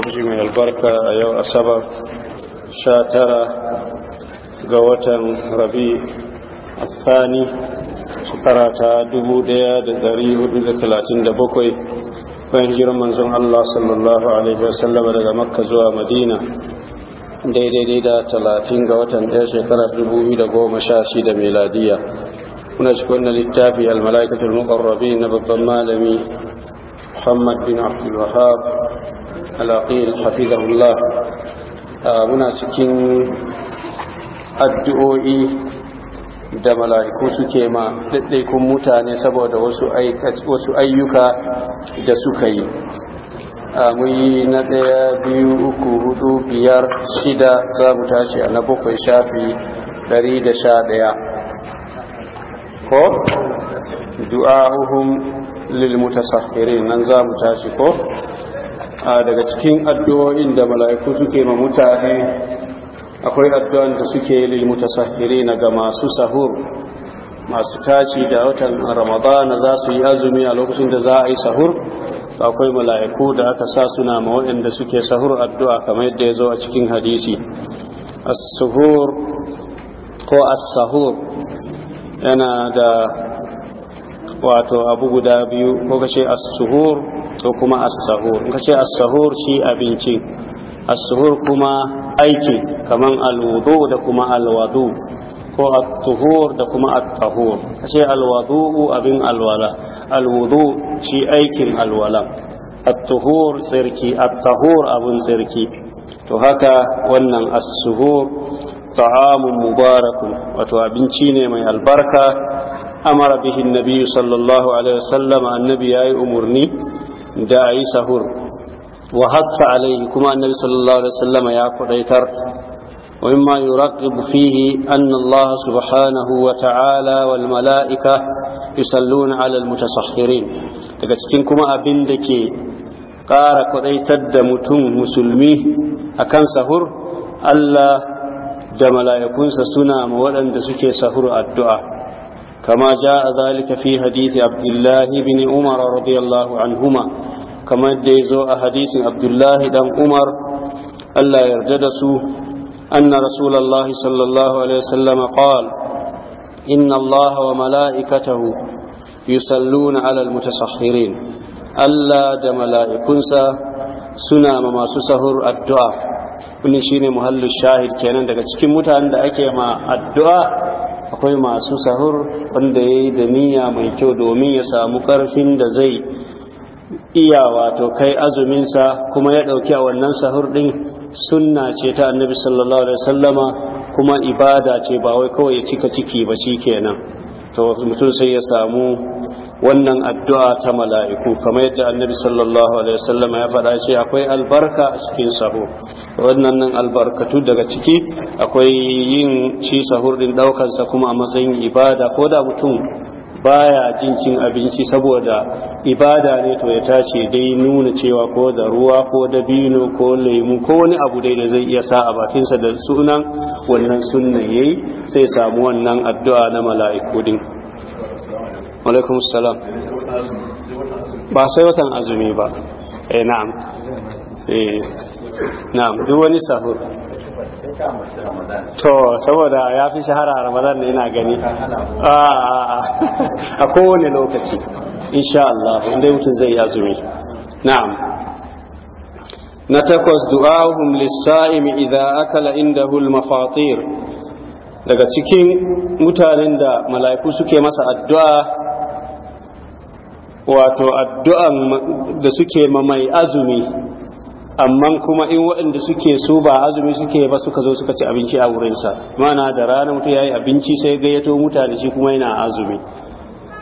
lokaci mai albarka a yau asabar sha tara ga watan rabi a tsani shekara ta 1437 bayan jiran manzon Allah sallallahu alaihi wasallam daga makka zuwa madina daidai da talatin ga watan ɗaya shekara 2016 meladiya kuna cikin wannan littafi al-mala'ikatul muqarrabin na babban malami Muhammad bin Abdul Wahhab alaqil hafizahullah muna cikin addu'o'i da mala'iku suke ma ɗaiɗaikun mutane saboda wasu ayyuka da suka yi amuyi na ɗaya biyu uku hudu biyar shida za mu tashi a na bakwai shafi ɗari da sha ɗaya ko du'a'uhum lil mutasahhirin nan za mu tashi ko A daga cikin addu'o'in da mala'iku suke ma mutane akwai addu'an da suke lil na ga masu sahur masu tashi da watan ramadana za su yi azumi a lokacin da za a yi sahur akwai mala'iku da aka sa suna ma waɗanda suke sahur addu'a kamar yadda ya zo a cikin hadisi as-suhur ko as-sahur yana da wato abu guda biyu ko kace as-suhur ko kuma as-sahur in kace as-sahur shi abinci as-suhur kuma aiki kaman al-wudu da kuma al-wadu ko at-tuhur da kuma at-tahur kace al-wudu abin alwala al-wudu shi aikin alwala at-tuhur tsirki at-tahur abin tsirki to haka wannan as-suhur ta'amun mubarakun wato abinci ne mai albarka amara bihin nabi sallallahu alaihi wasallam annabi yayi umurni da a yi sahur wa hatta alaihi kuma annabi sallallahu alaihi wasallam ya kudaitar wa mimma yuraqibu fihi anna Allah subhanahu wa ta'ala wal mala'ika yusalluna 'ala al mutasahhirin daga cikin kuma abin da ke ƙara kudaitar da mutum musulmi akan sahur Allah da mala'ikunsa suna ma waɗanda suke sahur addu'a كما جاء ذلك في حديث عبد الله بن عمر رضي الله عنهما كما ديزو حديث عبد الله بن عمر ألا يرجدسوا أن رسول الله صلى الله عليه وسلم قال إن الله وملائكته يصلون على المتسخرين ألا دملائكنسا سنا ما سسهر الدعاء wannan shine muhallin shahid kenan daga cikin mutanen da ake ma addu'a akwai masu sahur wanda ya yi da niyya mai kyau domin ya samu karfin da zai iya wato kai azuminsa kuma ya ɗauki a wannan sahur ɗin sunna ce ta annabi sallallahu alaihi wasallama kuma ibada ce ba wai kawai ya cika ciki ba shi kenan to mutum sai ya samu wannan addu'a ta mala'iku kamar yadda annabi sallallahu alaihi wasallam ya faɗa ce akwai albarka a cikin sahur wannan nan albarkatu daga ciki akwai yin ci sahur din ɗaukansa kuma a matsayin ibada ko da mutum baya jin cin abinci saboda ibada ne to ya tace dai nuna cewa ko da ruwa ko bino ko lemu ko wani abu dai da zai iya sa a bakinsa da sunan wannan sunnan yayi sai samu wannan addu'a na mala'iku din alaikum salam ba sai watan azumi ba eh na'am eh na'am duk wani sahur to saboda ya fi shahara ramadan ne ina gani ah, ah, ah. a kowane lokaci insha Allah inda mutum zai azumi na'am na takwas du'ahum lis-sa'im idza akala indahu al-mafatir daga cikin mutanen da mala'iku suke masa addu'a wato addu'an da suke ma mai azumi amma kuma in waɗanda suke su ba azumi suke ba suka zo suka ci abinci a wurinsa mana da rana mutu ya yi abinci sai gayyato mutane shi kuma yana azumi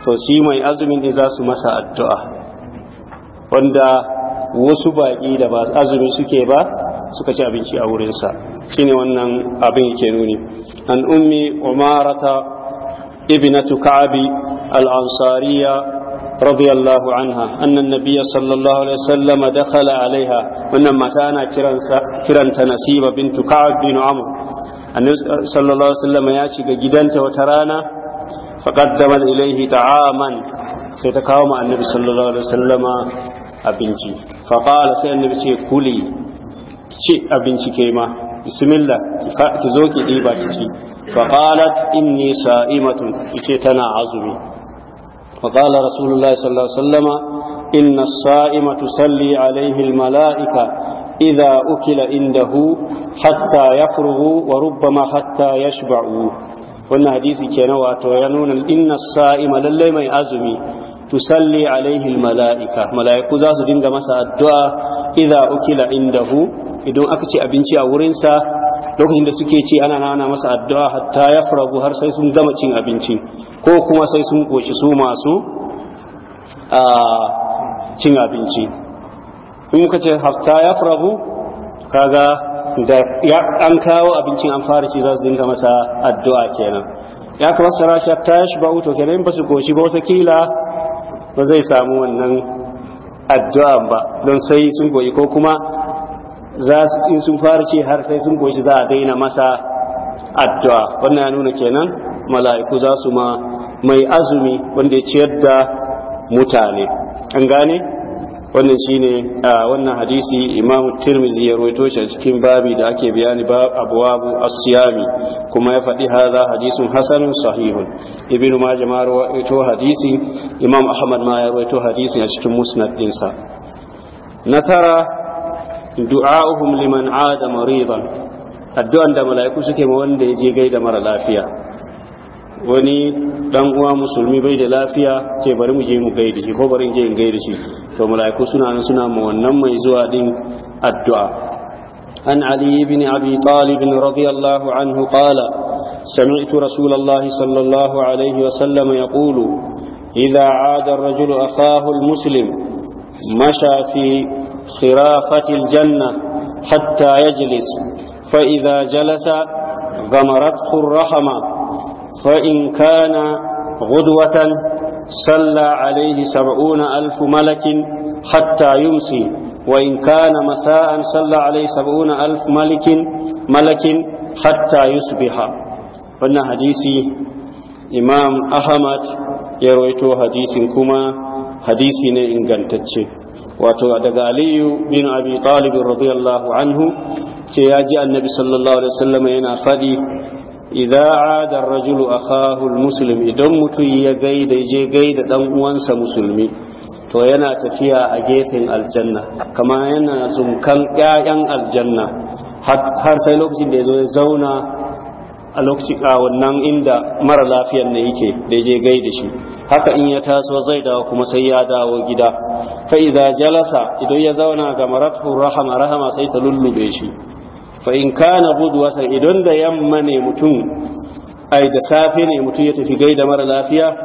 to shi mai azumin ne za su masa addu'a wanda wasu baƙi da ba azumi suke ba suka ci abinci a wurinsa shine wannan abin yake nuni an ummi umarata ibnatu ka'abi al-ansariya رضي الله عنها أن النبي صلى الله عليه وسلم دخل عليها وإنما كان كرنت نسيبة بنت كعب بن عمرو النبي صلى الله عليه وسلم ياشق جدنت وترانا فقدمت إليه طعاما سيتقاوم النبي صلى الله عليه وسلم abinci faƙala sai annabi ce kuli ci abinci ke ma bismillah ki zo ki ɗiba ki ci faƙalat inni sa'imatun ki ce tana azumi فقال رسول الله صلى الله عليه وسلم إن الصائم تسلي عليه الملائكة hatta أكل عنده حتى يفرغوا وربما حتى يشبعوا wannan hadisi kenan wato ya nuna inna sa'ima lalle mai azumi tusalli alaihi mala'ika mala'iku za su dinga masa addu'a idza ukila dahu idan aka ci abinci a wurinsa lokacin da suke ci ana nana masa addu'a hatta ya faragu har sai sun gama cin abinci ko kuma sai sun koshi su masu cin abinci in muka ce hatta ya faragu kaga da ya an kawo abincin an fara shi za su dinga masa addu'a kenan ya kamar shi hatta ya shi ba wuto kenan ba su koshi ba watakila ba zai samu wannan addu'a ba don sai sun goyi ko kuma za su in sun fara ce har sai sun goshi za a daina masa addu'a wannan ya nuna kenan mala'iku za su ma mai azumi wanda ya ciyar da mutane an gane wannan shine wannan hadisi imam tirmizi ya rawaito shi cikin babi da ake bayani ba abwabu as-siyami kuma ya faɗi hadha hadisun hasanun sahihun ibnu majah ma rawaito hadisi imam ahmad ma ya rawaito hadisi a cikin musnad dinsa na du'a'uhum liman 'ada maridan addu'an da mala'iku suke ma wanda ya je gaida mara lafiya wani dan uwa musulmi bai da lafiya ce bari mu je mu gaida shi ko bari in je in gaida shi to mala'iku suna nan suna ma wannan mai zuwa din addu'a عن علي بن أبي طالب رضي anhu عنه قال سمعت sallallahu alaihi wa الله عليه وسلم يقول إذا عاد الرجل أخاه المسلم مشى في خرافة الجنة حتى يجلس فإذا جلس غمرته الرحمة فإن كان غدوة صلى عليه سبعون ألف ملك حتى يمسي وإن كان مساء صلى عليه سبعون ألف ملك ملك حتى يصبح قلنا حديثي إمام أحمد يرويتو حديث كما حديثي إنغانتتشي wato daga aliyu bin abi talib radiyallahu anhu ce ya ji annabi sallallahu alaihi wasallam yana faɗi idza aada ar-rajulu akhahu al-muslim idan mutum ya gaida je gaida dan uwansa musulmi to yana tafiya a gefen aljanna kama yana zumkan ƴaƴan aljanna har sai lokacin da ya zo ya zauna a lokaci a wannan inda mara lafiyan ne yake da je gai da shi haka in ya taso zai dawo kuma sai ya dawo gida fa idza jalasa idan ya zauna ga maratu rahama rahama sai ta lullube shi fa in kana budwasa idan da yamma ne mutum ai da safe ne mutum ya tafi gai da mara lafiya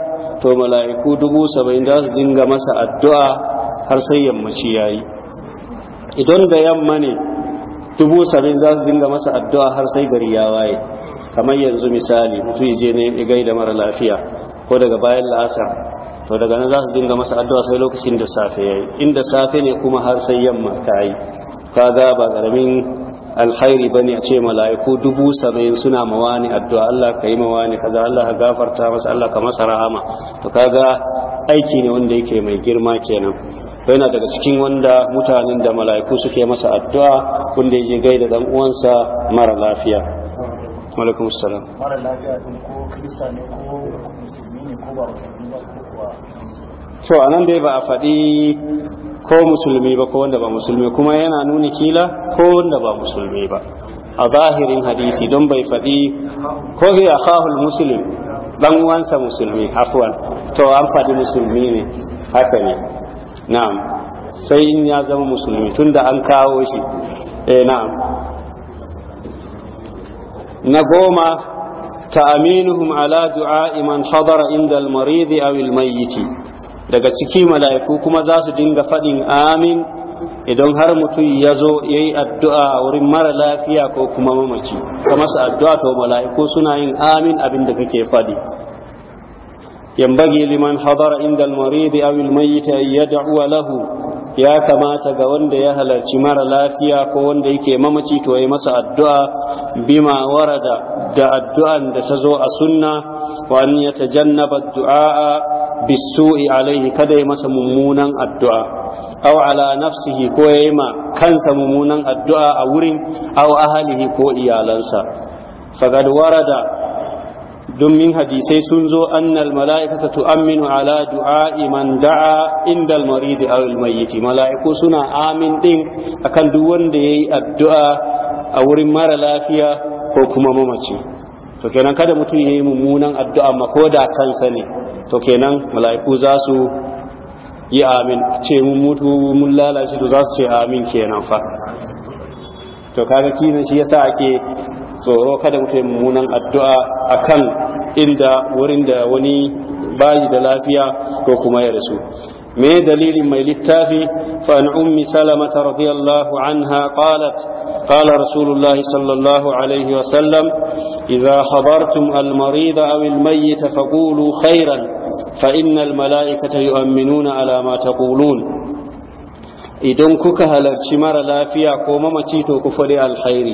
to mala'iku dubu saba'in za su dinga masa addu'a har sai yammaci yayi idan da yamma ne dubu saba'in za su dinga masa addu'a har sai gari ya waye kamar yanzu misali mutum yaje je ne ya gaida mara lafiya ko daga bayan la'asar to daga nan za su dinga masa addu'a sai lokacin da safe ya yi inda safe ne kuma har sai yamma ta yi kaga ba garamin alkhairi bane a ce mala'iku dubu saba'in suna mawani addu'a Allah ka yi mawani kaza Allah ka gafarta masa Allah ka masa rahama to kaga aiki ne wanda yake mai girma kenan yana daga cikin wanda mutanen da mala'iku suke masa addu'a wanda ya je gaida dan uwansa mara lafiya malakun salam mara lafiya din ko krista ne ko musulmi ne ko ba musulmi ba ko kuwa to nan dai ba a faɗi ko musulmi ba ko wanda ba musulmi kuma yana nuni kila ko wanda ba musulmi ba a zahirin hadisi don bai faɗi ko a khahul Musulmi ɗan uwansa musulmi afwan to an faɗi musulmi ne haka ne na'am sai in ya zama musulmi tunda an kawo shi eh na'am na goma ta'aminuhum ala du'a man hadara inda al-marid daga ciki mala'iku kuma za su dinga fadin amin idan har mutum ya zo ya yi addu'a wurin mara lafiya ko kuma mamaci ka su addu'a to mala'iku suna yin amin abin da kake faɗi bagi liman hadara inda almaridi aw almayyit an yad'u lahu ya kamata ga wanda ya halarci mara lafiya ko wanda yake mamaci to yi masa addu'a bima warada da addu'an da ta zo a sunna wa an ya tajannaba du'a bisu'i alaihi kada ya masa mummunan addu'a aw ala nafsihi ko yayi ma kansa mummunan addu'a a wurin aw ahalihi ko iyalansa fagad warada domin hadisai sun zo annal mala'ikata tu'amminu ala du'a'i man da'a inda al-marid al mala'iku suna amin din akan duk wanda yayi addu'a a wurin mara lafiya ko kuma mamaci to kenan kada mutum yayi mummunan addu'a ma koda kansa ne to kenan mala'iku za su yi amin ce mun mutu mun lalace to za su ce amin kenan fa to kaga ake tsoro kada mutum mummunan addu'a akan inda wurin da wani bayi da lafiya ko kuma ya rasu me dalilin mai littafi fa an ummi salama radiyallahu anha qalat قال رسول الله صلى الله عليه وسلم إذا خبرتم المريض أو الميت فقولوا خيرا فإن الملائكة يؤمنون على ما تقولون idan kuka halarci mara lafiya ko mamaci to ku faɗi alkhairi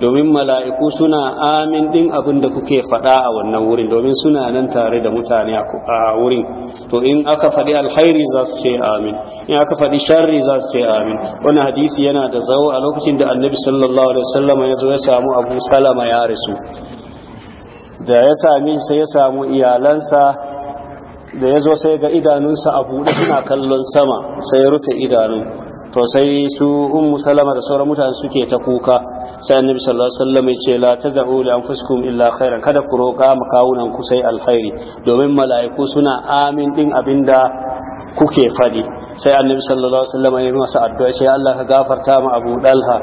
domin mala'iku suna amin ɗin abin da kuke faɗa a wannan wurin domin suna nan tare da mutane a wurin to in aka faɗi alkhairi za su ce amin in aka faɗi sharri za su ce amin wani hadisi yana da zawo a lokacin da annabi sallallahu alaihi wasallam ya zo ya samu abu salama ya rasu da ya sami sai ya samu iyalansa da ya zo sai ga idanunsa a buɗe suna kallon sama sai ya rufe idanun to sai su ummu salama da sauran mutane suke ta kuka sai annabi sallallahu alaihi wasallam ya ce la tad'u li anfusikum illa khairan kada ku roka makawunan ku sai alkhairi domin mala'iku suna amin din abinda kuke fadi sai annabi sallallahu alaihi wasallam ya masa addu'a sai Allah ka gafarta ma Abu Dalha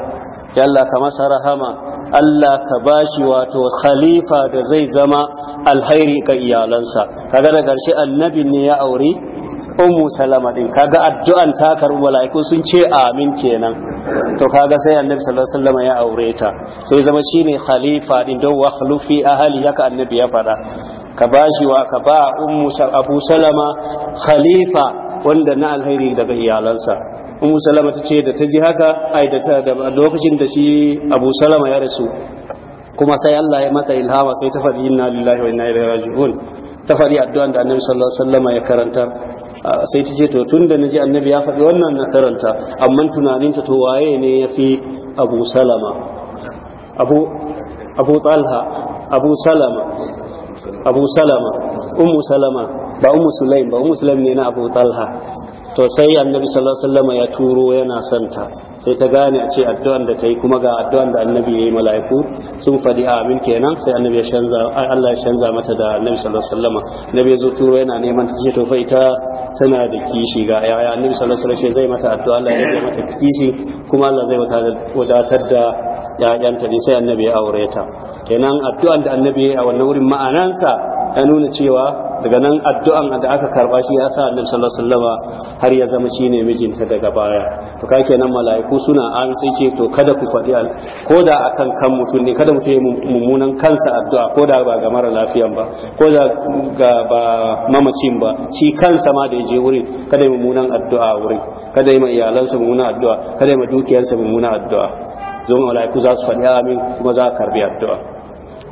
ya Allah ka masa rahama Allah ka bashi wato khalifa da zai zama alkhairi ga iyalansa kaga da karshe annabi ne ya aure umu salama din kaga addu'an ta karbu mala'iku sun ce amin kenan to kaga sai annabi sallallahu alaihi wasallam ya aure ta sai zama shine khalifa din don wa khulufi ahli yaka annabi ya fada ka bashi wa ka ba ummu abu salama khalifa wanda na alheri daga iyalansa ummu salama ta ce da ta ji haka ai da ta da lokacin da shi abu salama ya rasu kuma sai Allah ya mata ilhama sai ta faɗi inna lillahi wa inna ilaihi raji'un ta faɗi addu'an da annabi sallallahu alaihi wasallam ya karanta sai ta ce to tun da na ji annabi ya faɗi wannan na karanta amma tunaninta to waye ne ya fi abu salama abu talha abu salama abu salama ummu salama ba ummu sulaim ba sulaim ne na abu talha to sai annabi sallallahu alaihi wasallam ya turo yana santa sai ta gane a ce addu'an da ta yi kuma ga addu'an da annabi ya yi mala'iku sun faɗi amin kenan sai annabi ya shanza Allah ya shanza mata da annabi sallallahu alaihi wasallam annabi ya zo turo yana neman ta ce to fa ita tana da kishi ga yaya annabi sallallahu alaihi wasallam zai mata addu'a Allah ya mata kishi kuma Allah zai wadatar da ya'yanta ne sai annabi ya aure ta kenan addu'an da annabi ya yi a wannan wurin ma'anansa ya nuna cewa daga nan addu'an da aka karba shi ya sa annabi sallallahu alaihi wasallama har ya zama shine mijinta daga baya to kai kenan mala'iku suna amin sai ce to kada ku faɗi al ko da akan kan mutum ne kada mutum ya mummunan kansa addu'a ko da ba ga mara lafiyan ba ko da ga ba mamacin ba shi kansa ma da ya je wurin kada ya mummunan addu'a wurin kada ya ma iyalansa mummunan addu'a kada ya ma dukiyarsa mummunan addu'a zo mala'iku za su faɗi amin kuma za a karbi addu'a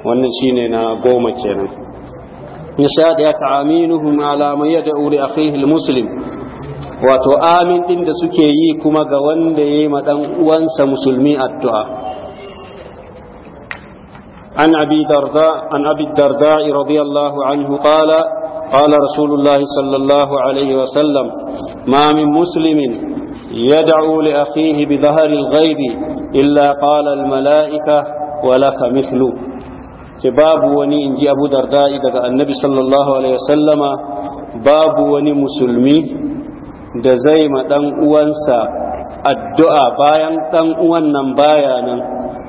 wannan shine na goma kenan nishadiyata aminuhum ala man yad'u li akhihi almuslim wato amin din da suke yi kuma ga wanda yayi ma dan uwansa musulmi addu'a an abi darda an abi darda radiyallahu anhu qala qala rasulullah sallallahu alaihi wa sallam ma min muslimin yad'u li akhihi bi dhahri ghaibi illa qala al-mala'ika wa laka mithluhu ce babu wani in ji abu darda'i daga annabi sallallahu alaihi wasallama babu wani musulmi da zai ma dan uwansa addu'a bayan dan uwan nan baya nan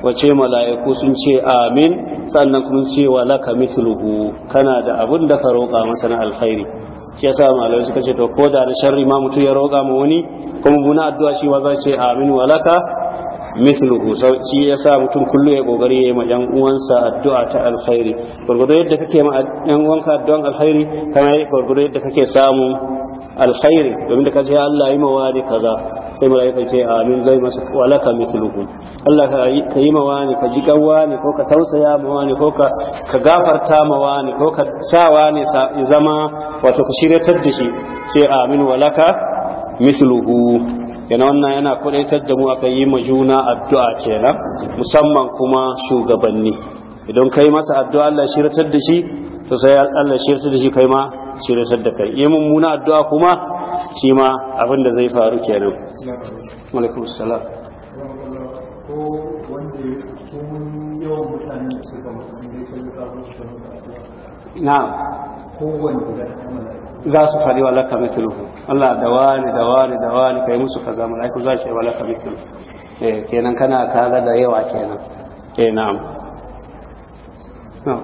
wace mala'iku sun ce amin sannan kuma ce wa laka mithluhu kana da abin da ka roƙa masa na alkhairi shi yasa malai suka ce to ko da na sharri ma mutum ya roƙa ma wani kuma muna addu'a shi ma zai ce amin walaka mithluhu shi yasa mutum kullu ya kokari yayi ma yan uwansa addu'a ta alkhairi gurgudo yadda kake ma yan uwanka addu'an alkhairi kana yi gurgudo yadda kake samu alkhairi domin da ka kace Allah yi ma wani kaza sai mala'ika ce amin zai masa walaka mithluhu Allah ka yi mawa ne ka ji gawa ne ko ka tausaya mawa ne ko ka gafarta mawa ne ko ka sawa ne zama wato ka shiryatar da shi sai amin walaka mithluhu yana wannan yana kudaitar da mu aka yi ma juna addu'a kenan musamman kuma shugabanni idan kai masa addu'a Allah shiryatar da shi to sai Allah shiryatar da shi kai ma shiryatar da kai yi mummuna addu'a kuma shi ma abin da zai faru kenan alaikum salam ko wanda yawan mutane da suka za su faɗi wa laka mitluhu Allah da wani da wani da wani kai musu zama laiku za shi wa laka mitluhu eh kenan kana kaga da yawa kenan eh na'am no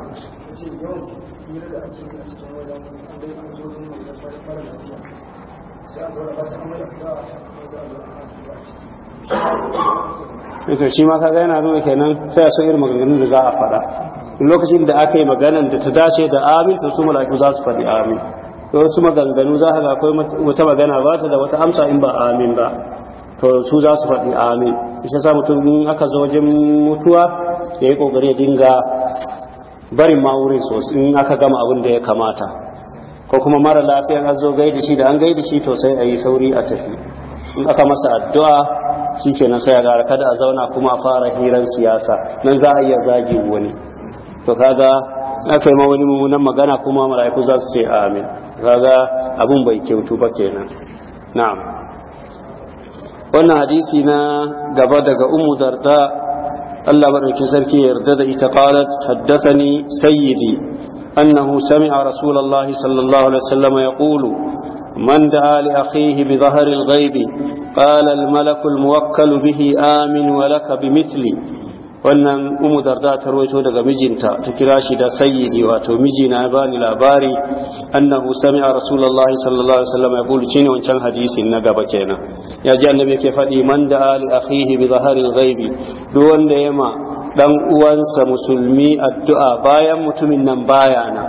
Eh shi ma kaga yana nuna kenan sai so irin maganganun da za a faɗa lokacin da aka yi maganan da ta dace da amin to su mulaki za su faɗi amin to su maganganu za ka ga akwai wata magana ba ta da wata amsa in ba amin ba to su za su faɗi amin shi sa mutum in aka zo wajen mutuwa ya yi ƙoƙari ya dinga barin ma wurin sosai in aka gama abin da ya kamata ko kuma mara lafiyan azo gaida shi da an gaida shi to sai a yi sauri a tafi in aka masa addu'a shi ke sai a gara kada a zauna kuma a fara hiran siyasa nan za a iya zagi wani to kaga na yi ma wani mummunan magana kuma mala'iku za su ce amin kaga abun bai kyautu ba kenan na'am wannan hadisi na gaba daga ummu darda Allah madaukin sarki yarda da ita qalat haddathani sayyidi أنه سمع رسول الله صلى الله عليه وسلم يقول من دعا لأخيه بظهر الغيب قال الملك الموكل به آمن ولك بمثلي wannan umu darda ta rawaito daga mijinta ta kira shi da sayyidi wato mijina ya bani labari annahu sami'a rasulullahi sallallahu alaihi wasallam ya kulu. shine wancan hadisin na gaba kenan ya ji annabi yake faɗi man da ali akhihi bi zaharil ghaibi duk wanda yema dan uwansa musulmi addu'a bayan mutumin nan baya nan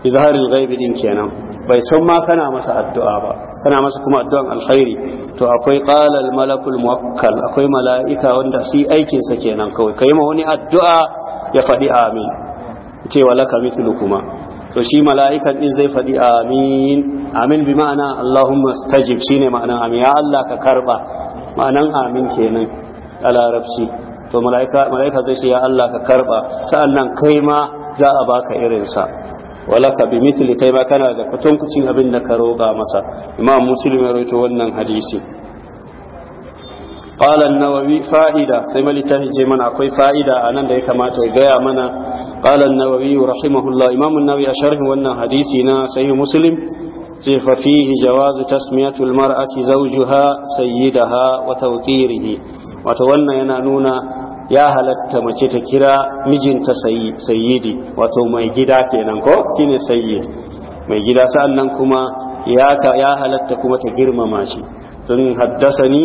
izharil ghaibi din kenan bai san ma kana masa addu'a ba kana masa kuma addu'an alkhairi to akwai qala al malakul muwakkal akwai mala'ika wanda shi aikin sa kenan kawai kai ma wani addu'a ya fadi amin ce walaka mithlu kuma to shi mala'ikan din zai fadi amin amin bi ma'ana allahumma stajib shine ma'anan amin ya allah ka karba ma'anan amin kenan a larabci to mala’ika zai shi ya Allah ka karɓa sa’an nan kai ma za a baka irinsa wala ka bi kai ma kana da katonkucin abin da ka roba masa imam musulmi ya roto wannan hadisi ƙalan nawawi fa’ida sai malita hije mana akwai fa’ida a nan da ya kamata ya gaya mana ƙalan nawawi wa rahimahullah imamun nawi a sharhin wannan hadisi na sayi musulmi ففيه جواز تسمية المرأة زوجها سيدها wannan yana nuna ya halatta mace ta kira mijinta sayyidi wato mai gida kenan ko shine sayyid mai gida sa'annan kuma ya halatta kuma ta girmama shi don haddasa ni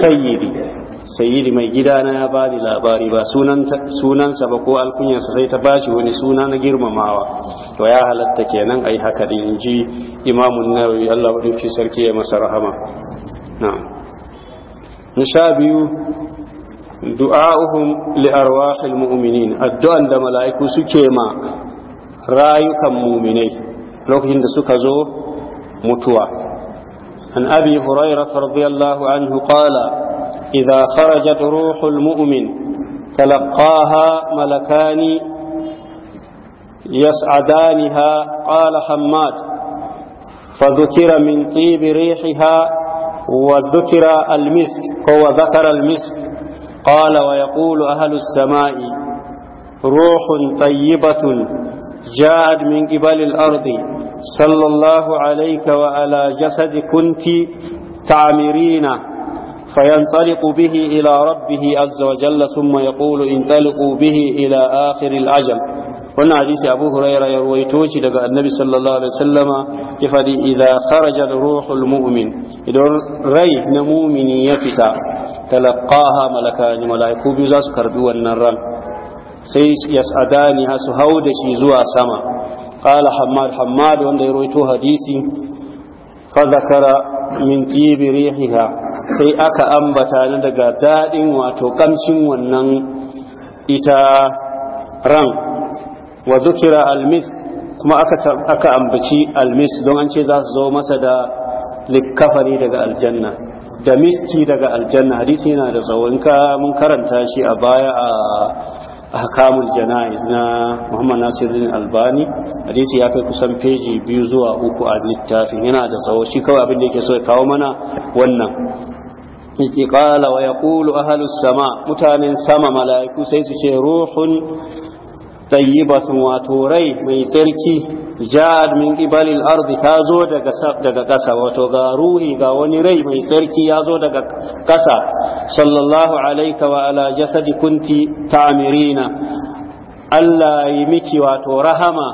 sayyidi sayyidi mai gidana ya bani labari ba sunansa ba ko alkunyarsa sai ta bashi wani suna na girmamawa to ya halatta kenan ai haka din inji imamun nawawi Allah wadin sarki ya masa rahama Na. nisha biyu du'a'uhum li arwahil mu'minin addu'an da mala'iku suke ma rayukan mu'minai lokacin da suka zo mutuwa an abi hurairah radiyallahu anhu qala إذا خرجت روح المؤمن تلقاها ملكان يسعدانها قال حماد فذكر من طيب ريحها وذكر المسك هو ذكر المسك قال ويقول أهل السماء روح طيبة جاءت من قبل الأرض صلى الله عليك وعلى جسد كنت تعمرينه فينطلق به إلى ربه عز وجل ثم in انطلقوا bihi ila آخر العجل wannan hadisi abu huraira ya ruwaito shi daga annabi sallallahu alaihi wasallama ya fadi idza kharaja ruhul mu'min idan rai na mu'mini ya fita talaqaha malakani malaiku biyu za su karbi wannan ran sai yas'adani su hau da shi zuwa sama kala hammad hammad wanda ya ruwaito hadisi fa zakara min sai aka ambata na daga daɗin wato ƙamshin wannan ita ran wa zukira almis kuma aka ambaci almis don an ce za su zo masa da likkafani daga aljanna da miski daga aljanna hadisi yana da tsawon ka mun karanta shi a baya a ahkamul jana'iz na Muhammad Nasiruddin Albani hadisi ya kai kusan peji biyu zuwa uku a littafin yana da tsawo shi kawai abin da yake so ya kawo mana wannan yake qala wa yaqulu ahlus sama mutanen sama mala'iku sai su ce ruhun tayyibatun wato rai mai tsarki ja'ad min qibalil ardi ta zo daga ƙasa kasa wato ga ruhi ga wani rai mai tsarki ya zo daga ƙasa. sallallahu alayka wa ala jasadi kunti ta'mirina Allah yi miki wato rahama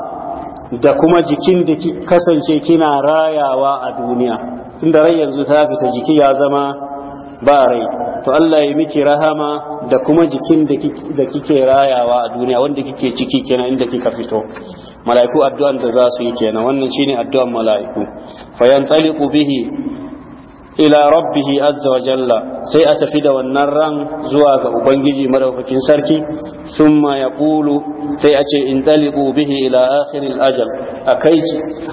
da kuma jikin da kasance kina rayawa a duniya tunda rai yanzu ta fita jiki ya zama ba rai to Allah ya miki rahama da kuma jikin da kike rayawa a duniya wanda kike ciki kenan inda kika fito mala'iku addu'an da za su yi kenan wannan shine addu'an mala'iku fa yantaliqu bihi ila rabbihi azza wa jalla sai a tafi da wannan ran zuwa ga ubangiji madaukakin sarki thumma yaqulu sai a ce in taliqu bihi ila akhiril ajal akai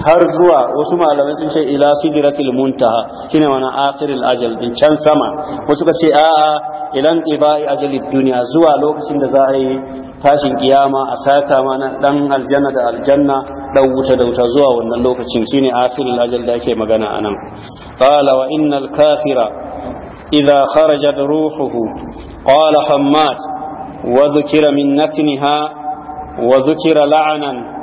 har zuwa wasu malamai sun ce ila sidratil muntaha kina wannan akirin ajal din can sama wasu ka ce a'a ilan ibai ajalid duniya zuwa lokacin da za a yi tashin kiyama a sata mana dan aljanna da aljanna dan wuta da wuta zuwa wannan lokacin shine afilul ajal da ake magana anan qala wa innal kafira idza kharajat ruhuhu qala hammad wa dhukira min la'anan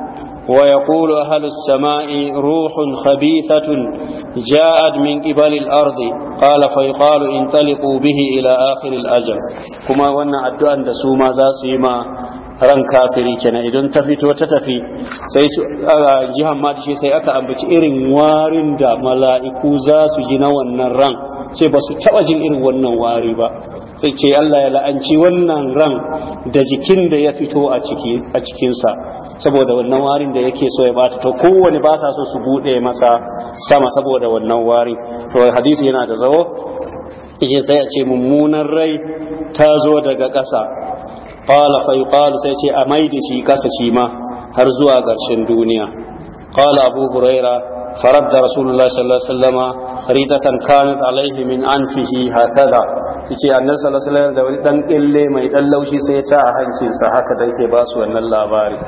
wa yaqulu ahlus samai ruhun khabithatun ja'at min qibalil ardi qala fa yuqalu intaliqu bihi ila akhiril ajal kuma wannan addu'an da suma za su yi ma ran kafiri kenan idan ta fito ta tafi sai jihan ma shi sai aka ambaci irin warin da mala'iku za su ji na wannan ran sai ba su taba jin irin wannan wari ba sai ce Allah ya la'anci wannan ran da jikin da ya fito a ciki a cikinsa saboda wannan warin da yake so ya bata to kowane ba sa so su bude masa sama saboda wannan wari to hadisi yana da zawo ishe sai a ce mummunan rai ta zo daga ƙasa qala fa yuqalu sai ce a maida shi kasa shi har zuwa ƙarshen duniya qala abu huraira faradda rasulullahi sallallahu alaihi wasallama ridatan kanat alaihi min anfihi hakaza suke annabi sallallahu alaihi wasallam da wani dan kille mai dan laushi sai ya a hancinsa haka dan ke basu wannan labari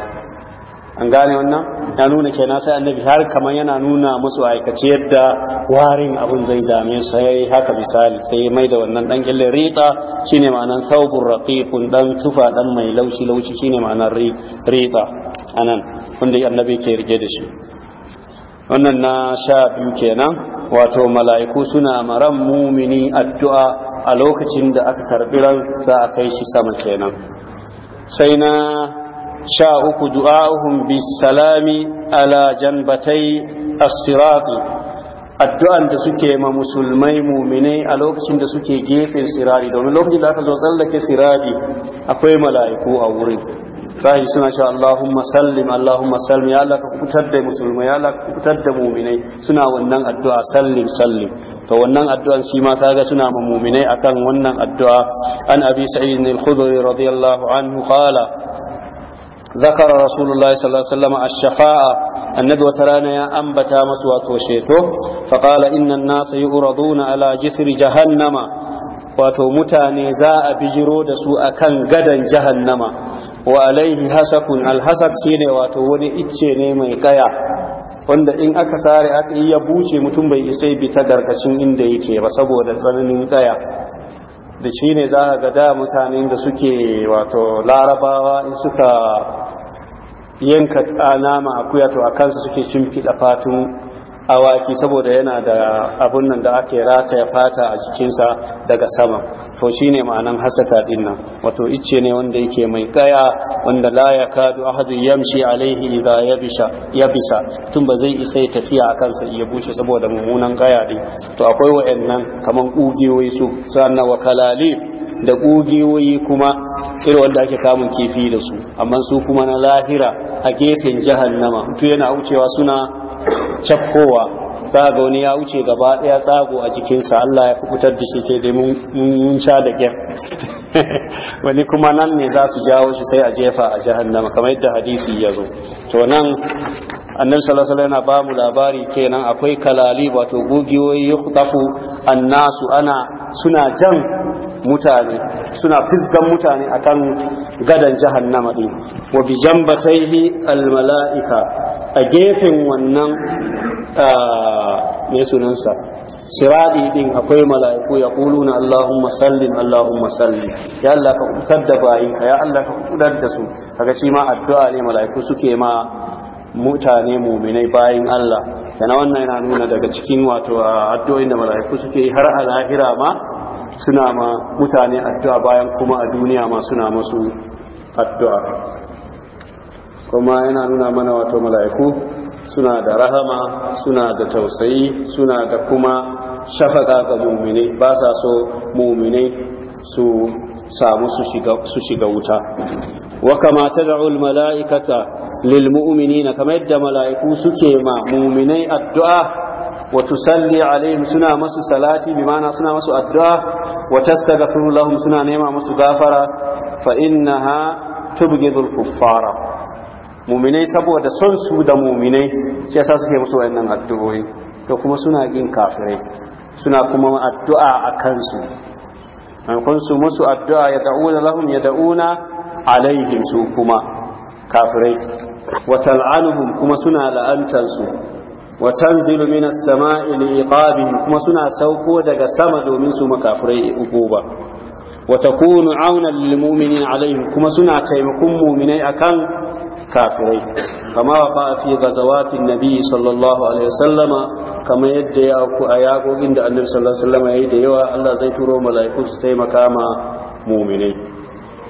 an gane wannan ya nuna kenan sai annabi har kamar yana nuna musu aikace yadda warin abun zai dame sai haka misali sai mai da wannan dan kille rita shine ma'anan saubur raqiqun dan tufa dan mai laushi laushi shine ma'anan rita anan wanda annabi ke rike da shi wannan na sha biyu kenan wato mala'iku suna maran mumini addu'a a lokacin da aka karbi ran za a kai shi sama kenan sai na sha uku du'a'uhum bisalami ala janbatai as-sirati addu'an da suke ma musulmai mumine a lokacin da suke gefen sirari domin lokacin da aka zo tsallake sirari akwai mala'iku a wurin sahi suna cewa Allahumma sallim Allahumma sallim ya Allah ka kutar da musulmai ya Allah ka kutar da muminai suna wannan addu'a sallim sallim to wannan addu'an shi ma kaga suna ma muminai akan wannan addu'a an abi sa'id al-khudri radiyallahu anhu qala ذكر رسول الله صلى الله عليه وسلم الشفاعة النبي وترانا يا أنبتا مسوات وشيتو فقال إن الناس يؤرضون على جسر جهنم wato mutane za a bijiro da su a kan gadon jahannama wa alaihi hasakun alhasak shi ne wato wani icce ne mai kaya wanda in aka sare aka yi ya buce mutum bai isa bita ta inda yake ba saboda tsananin ƙaya. da shi ne za a gada da mutanen da suke wato larabawa in suka yanka ah, nama akuya to a kansu suke shimfiɗa fatun awaki saboda yana da abun nan da ake rataya fata a jikinsa daga sama to shine ma'anan hasaka din nan wato icce ne wanda yake mai kaya wanda la kadu ahadu yamshi alaihi idha yabisha yabisa tun ba zai isa ya tafiya a kansa ya bushe saboda mummunan kaya din to akwai wa'annan kaman kugiyoyi su sannan wa da kugiyoyi kuma irin wanda ake kamun kifi da su amma su kuma na lahira a gefen jahannama mutu yana wucewa suna cafkowa za ga wani ya wuce gaba ɗaya tsago a jikinsa Allah ya kubutar da shi ce dai mun sha da gyar wani kuma nan ne za su jawo shi sai a jefa a jahannama kamar yadda hadisi ya zo to nan annabi nan alaihi ba mu labari kenan akwai kalali wato gogiyoyi yuqtafu annasu ana suna jan mutane suna fisgan mutane a kan gadan jahannama ɗin, wa bi jambatayhi al mala'ika a gefen wannan mai sunansa siradi din akwai mala'iku ya kuluna Allahumma sallim Allahumma sallim ya Allah ka kutar da bayinka ya Allah ka kutar da su kaga shi ma addu'a ne mala'iku suke ma mutane muminai bayin Allah na wannan yana nuna daga cikin wato addu'o'in da mala'iku suke har a lahira ma suna ma mutane addu'a bayan kuma a duniya ma suna masu addu'a kuma yana nuna mana wato mala'iku suna da rahama suna da tausayi suna da kuma shafaka ga mummine ba sa so mummine su samu su shiga wuta wa kama tad'u mala'ikata lil na kama yadda mala'iku suke ma mu'minai addu'a wa tusalli alaihim suna masu salati bi ma'ana suna masu addu'a wa tastaghfiru lahum suna nema masu gafara fa innaha tubghidul kuffara mu'minai saboda son su da mu'minai shi yasa suke musu wayannan addu'o'i to kuma suna kin kafirai suna kuma addu'a a kansu maimakon su musu addu'a ya da'una lahum ya da'una alaihim su kuma kafirai wa tal'anuhum kuma suna la'antar su wa tanzilu minas sama'i kuma suna sauko daga sama domin su makafirai ukuba wa takunu auna lil mu'minin kuma suna taimakon mu'minai akan kafirai kama wa fi ghazawatin nabi sallallahu alaihi wasallama kama yadda ya ku a yagogin da annabi sallallahu alaihi wasallama yayi da yawa Allah zai turo mala'iku su taimaka ma mu'minai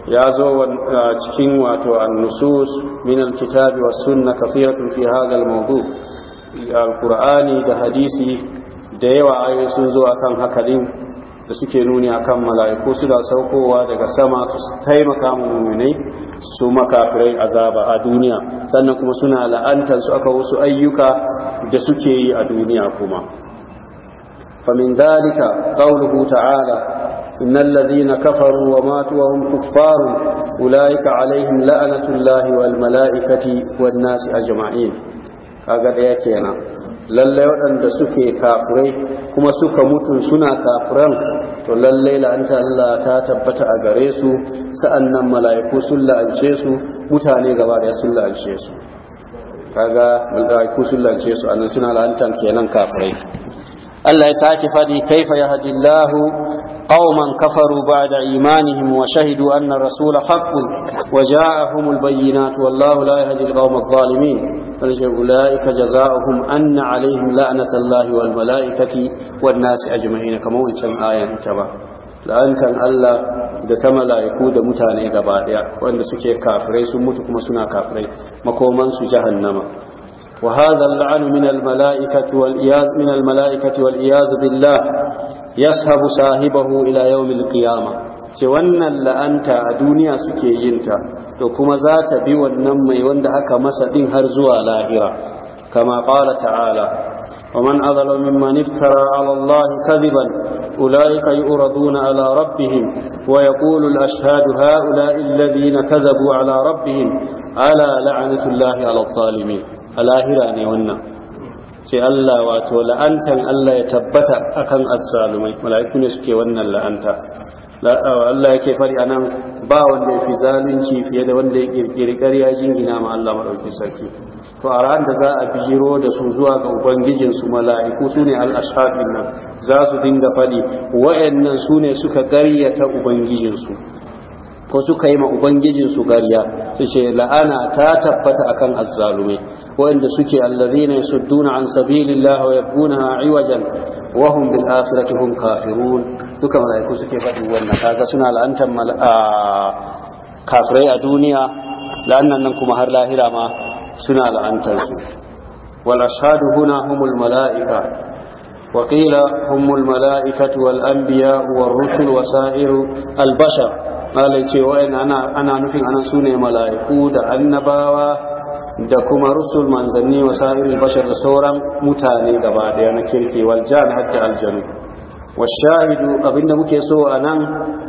ya zo a cikin wato an-nusus min al-kitabi was-sunnah kathiratun fi hadha al alkur'ani da hadisi da yawa ayoyi sun zo akan hakalin da suke nuni akan mala'iku suna saukowa daga sama su taimaka muminai su makafirai azaba a duniya sannan kuma suna la'antar su aka wasu ayyuka da suke yi a duniya kuma famin dalika qauluhu ta'ala إن الذين كفروا وماتوا وهم كفار أولئك عليهم لعنة الله والملائكة والناس أجمعين kaga yake kenan lallai waɗanda suke kafurai kuma suka mutu suna kafuran, to lallai la'anta Allah ta tabbata a gare su sa'annan mala'iku sun la'ance su mutane gaba da sun la'ance su kaga mala'iku sun la'ance su annan suna la'antan kenan kafurai. Allah ya sake fadi kaifa yahdillahu قوما كفروا بعد إيمانهم وشهدوا أن الرسول حق وجاءهم البينات والله لا يهدي القوم الظالمين أولئك جزاؤهم أن عليهم لعنة الله والملائكة والناس أجمعين كما وانشان آية تبا la'antan Allah da ta mala'iku da mutane gaba daya wanda suke kafirai sun mutu kuma suna kafirai makoman su jahannama wa hadha al min al-mala'ikati wal iyaz min al-mala'ikati wal iyaz billah yashabu sahibahu ila yawmil qiyamah ce wannan la'anta a duniya suke yinta to kuma za ta bi wannan mai wanda aka masa din har zuwa lahira kama qala ta'ala wa man azalama mimman iftara 'ala Allah kadiban ulaika yu'raduna 'ala rabbihim wa yaqulu al-ashhadu ha'ula'i alladhina kazabu 'ala rabbihim ala la'natullahi 'ala adh-dhalimin alahira ne wannan Sai Allah wato la'antan Allah ya tabbata akan azzalumai mala'iku ne suke wannan la'anta Allah yake fari anan ba wanda ya fi zalunci fiye da wanda ya kirkiri ƙarya jingina ma Allah madauki sarki to a ran da za a bijiro da su zuwa ga ubangijin su mala'iku sune al-ashabin nan za su dinga fadi wayannan sune suka ƙaryata ubangijin su ko suka yi ma ubangijin su gariya su ce la'ana ta tabbata akan azzalumai wanda suke allazina yasudduna an sabilillah wa yabuna iwajan wa hum bil akhirati hum kafirun duka malaiku suke faɗi wannan kaga suna la'antar kafirai a duniya la'annan nan kuma har lahira ma suna la'antar su wal ashhadu huna humul malaika وقيل هم الملائكة والأنبياء والرسل وسائر البشر malai cewa ana nufin ana su ne mala'iku da annabawa da kuma rusul manzanni wa bashar da sauran mutane gaba daya na kirki wal jan hatta aljanu wa shahidu abinda muke so a nan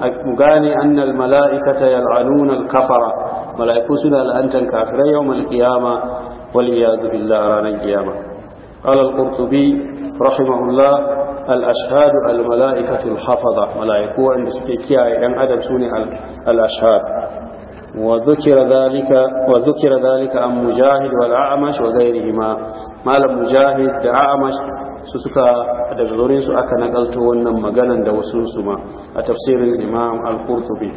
a gane annal mala'ikata yal'anuna al-kafara mala'iku suna la'antar kafirai yawmal qiyama wal iyaz billahi ranar qiyama Kalar al-qurtubi al-ashhadu al-mala'ikatu al-hafaza mala'iku wanda suke kiyaye dan adam sune al-ashhad wa dhukira dhalika wa dhukira dhalika an mujahid wal a'mash wa hima. malam mujahid da a'mash su suka daga gurin su aka nakalto wannan maganan da wasu su ma a tafsirin imam al-qurtubi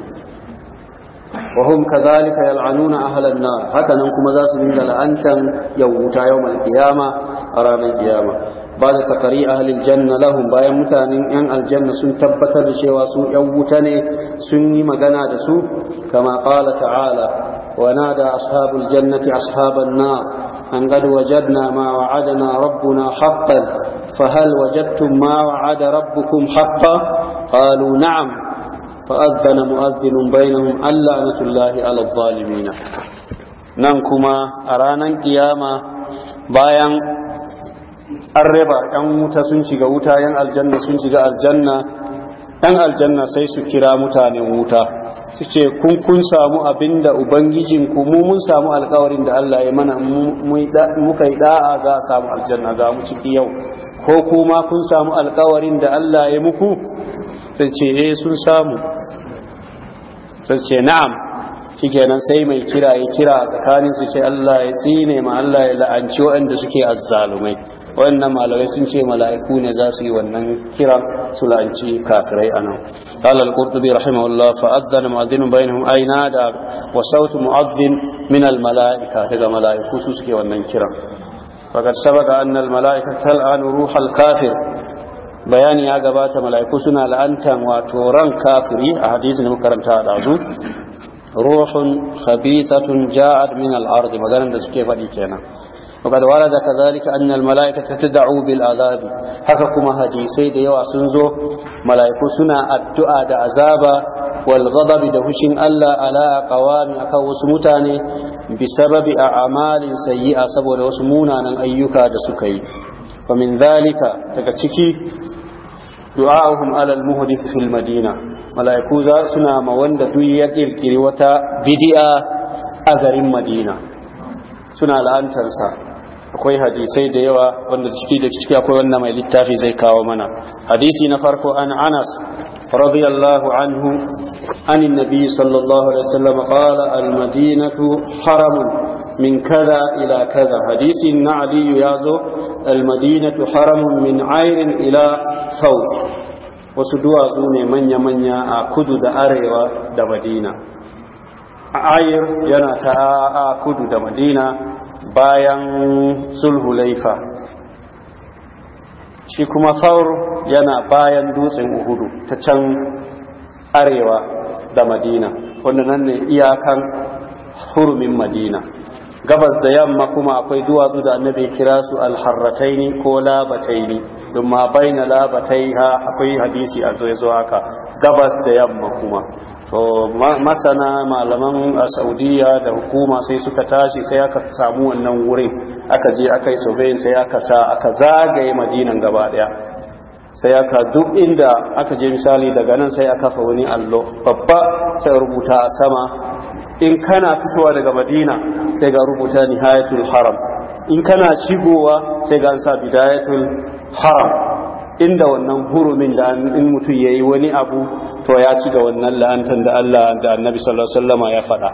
وهم كذلك يلعنون أهل النار حتى ننكم زاس من أنتم يوتا يوم القيامة أرام القيامة بعد تقري أهل الجنة لهم بايا متانين أن الجنة سن تبتا لشيوا سن يوتني سن مغنى دسو كما قال تعالى ونادى أصحاب الجنة أصحاب النار أن قد وجدنا ما وعدنا ربنا حقا فهل وجدتم ما وعد ربكم حقا قالوا نعم فأذن مؤذن بينهم اللعنة الله على الظالمين nan kuma a ranar kiyama bayan an raba ‘yan wuta sun shiga wuta ‘yan aljanna sun shiga aljanna ‘yan aljanna sai su kira mutanen wuta su ce kun kun samu abin da ubangijinku mu mun samu alkawarin da Allah ya mana muka yi da'a za a samu aljanna za mu ciki yau ko kuma kun samu alkawarin da Allah ya muku sai eh, sun samu sai ce na'am shikenan sai mai kira ya kira a tsakanin su ce Allah ya tsine ma Allah ya la'anci waɗanda suke azzalumai waɗannan malamai sun ce mala'iku ne za su yi wannan kiran su la'anci kafirai anan qala al-qurtubi rahimahullah fa adana mu'adhdhin bainahum ayna da wa sautu mu'adhdhin min malaika daga mala'iku su wannan kiran فقد سبق أن الملائكة تلعن روح الكافر bayani ya gabata mala'iku suna la'antan wato ran kafiri a hadisin da karanta da zu ruhun khabithatun ja'at min al-ard maganar da suke faɗi kenan وقد ورد كذلك أن الملائكة تدعو بالعذاب حككما حديثي دي واسنزو ملائكة سنة الدعاء دا عذابا والغضب دا هشن ألا على قوام أكوس متاني بسبب أعمال سيئة سبول وسمونا أن أيكا دا سكي ومن ذلك تكتشكي du'a'uhum ala al-muhdith fil madina malaiku za suna ma wanda duk ya kirkiri wata bid'a a garin madina suna la'antarsa akwai hadisai da yawa wanda ciki da ciki akwai wanda mai littafi zai kawo mana hadisi na farko an anas radiyallahu anhu an annabi sallallahu alaihi wasallam qala al-madinatu haramun min kaza ila kaza hadisin na aliyu ya zo almadinatu haramun min airin ila sau wasu duwatsu ne manya-manya a kudu da arewa da madina ayir yana ta a kudu da madina bayan sulhulaifa shi kuma saur yana bayan dutsen uhudu ta can arewa da madina wanda nan ne iyakan hurumin madina gabas da yamma kuma akwai duwatsu da annabi kira su alharrataini ko labataini don ma baina labataiha akwai hadisi a zai zuwa haka gabas da yamma kuma to masana malaman a saudiya da hukuma sai suka tashi sai aka samu wannan wurin aka je aka yi sobeyin sai aka sa aka zagaye madinan gaba daya sai aka duk inda aka je misali daga nan sai aka fa wani allo babba sai rubuta a sama in kana fitowa daga madina sai ga rubuta nihayatul haram in kana shigowa sai ga sa bidayatul haram inda wannan hurumin da in mutum ya yi wani abu to ya ci ga wannan la'antar da Allah da annabi sallallahu alaihi ya faɗa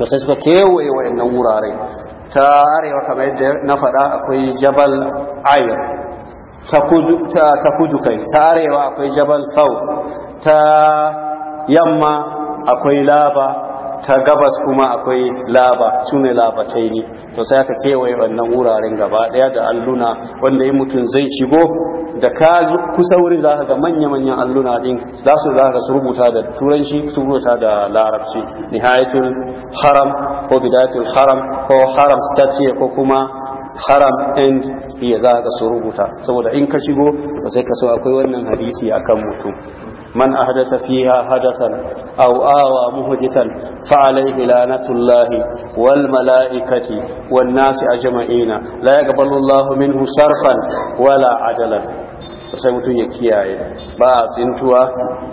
to sai suka kewaye wa'annan wurare ta arewa kamar yadda na faɗa akwai jabal ayir ta kudu kai ta arewa akwai jabal sau ta yamma akwai laba ta gabas kuma akwai laba su ne labatai ne to sai aka kewaye wannan wuraren gaba daya da alluna wanda yin mutum zai shigo da ka kusa wurin za ka ga manya-manyan alluna din za su za ka su rubuta da turanci su rubuta da larabci nihayatul haram ko bidayatul haram ko haram statue ko kuma haram end ya za ka su rubuta saboda in ka shigo ba sai ka so akwai wannan hadisi akan mutum من أحدث فيها حدثا أو آوى مهدثا فعليه لعنة الله والملائكة والناس أجمعين لا يقبل الله منه صرفا ولا عدلا sai mutum ya kiyaye ba a tsintuwa